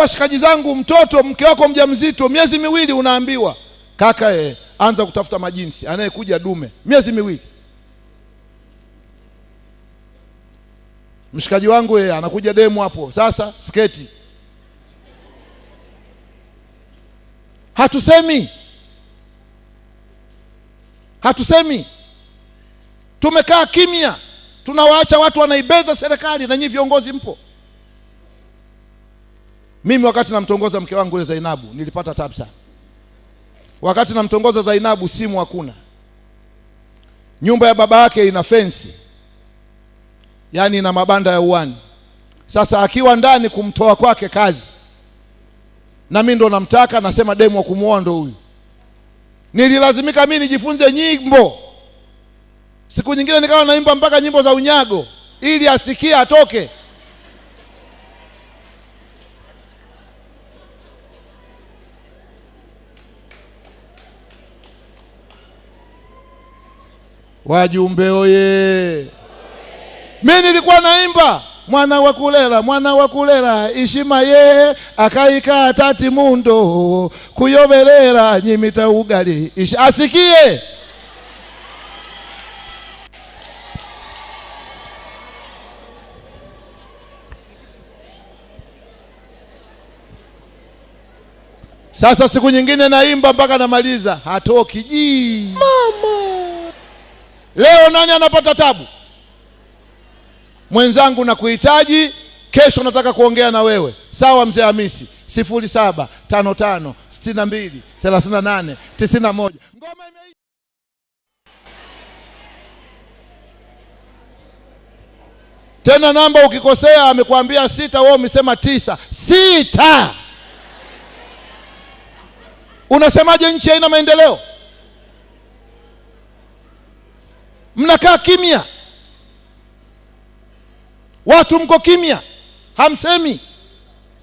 washikaji zangu, mtoto mke wako mjamzito, miezi miwili, unaambiwa kaka, ye, eh, anza kutafuta majinsi, anayekuja dume. Miezi miwili mshikaji wangu yeye eh, anakuja demu hapo sasa, sketi. Hatusemi, hatusemi, tumekaa kimya, tunawaacha watu wanaibeza serikali, na nyinyi viongozi mpo. Mimi wakati namtongoza mke wangu ule Zainabu nilipata tabu sana. Wakati namtongoza Zainabu simu hakuna. Nyumba ya baba yake ina fensi, yaani ina mabanda ya uani. Sasa akiwa ndani kumtoa kwake kazi, na mimi ndo namtaka, nasema demu wa kumuoa ndo huyu. Nililazimika mimi nijifunze nyimbo, siku nyingine nikawa naimba mpaka nyimbo za unyago ili asikie atoke. Wajumbe oye! Mi nilikuwa naimba mwana wa kulela mwana wa kulela ishima ye akaikaa tati mundo kuyovelera nyimita ugali asikie sasa. Siku nyingine naimba mpaka namaliza, hatoki jii Leo nani anapata tabu? Mwenzangu nakuhitaji, kesho nataka kuongea na wewe. Sawa, mzee Hamisi. sifuri saba tano tano sitini na mbili thelathini na nane tisini na moja ngoma Tena namba ukikosea, amekwambia sita, wewe umesema tisa. Sita, unasemaje? Nchi haina maendeleo? mnakaa kimya, watu mko kimya, hamsemi.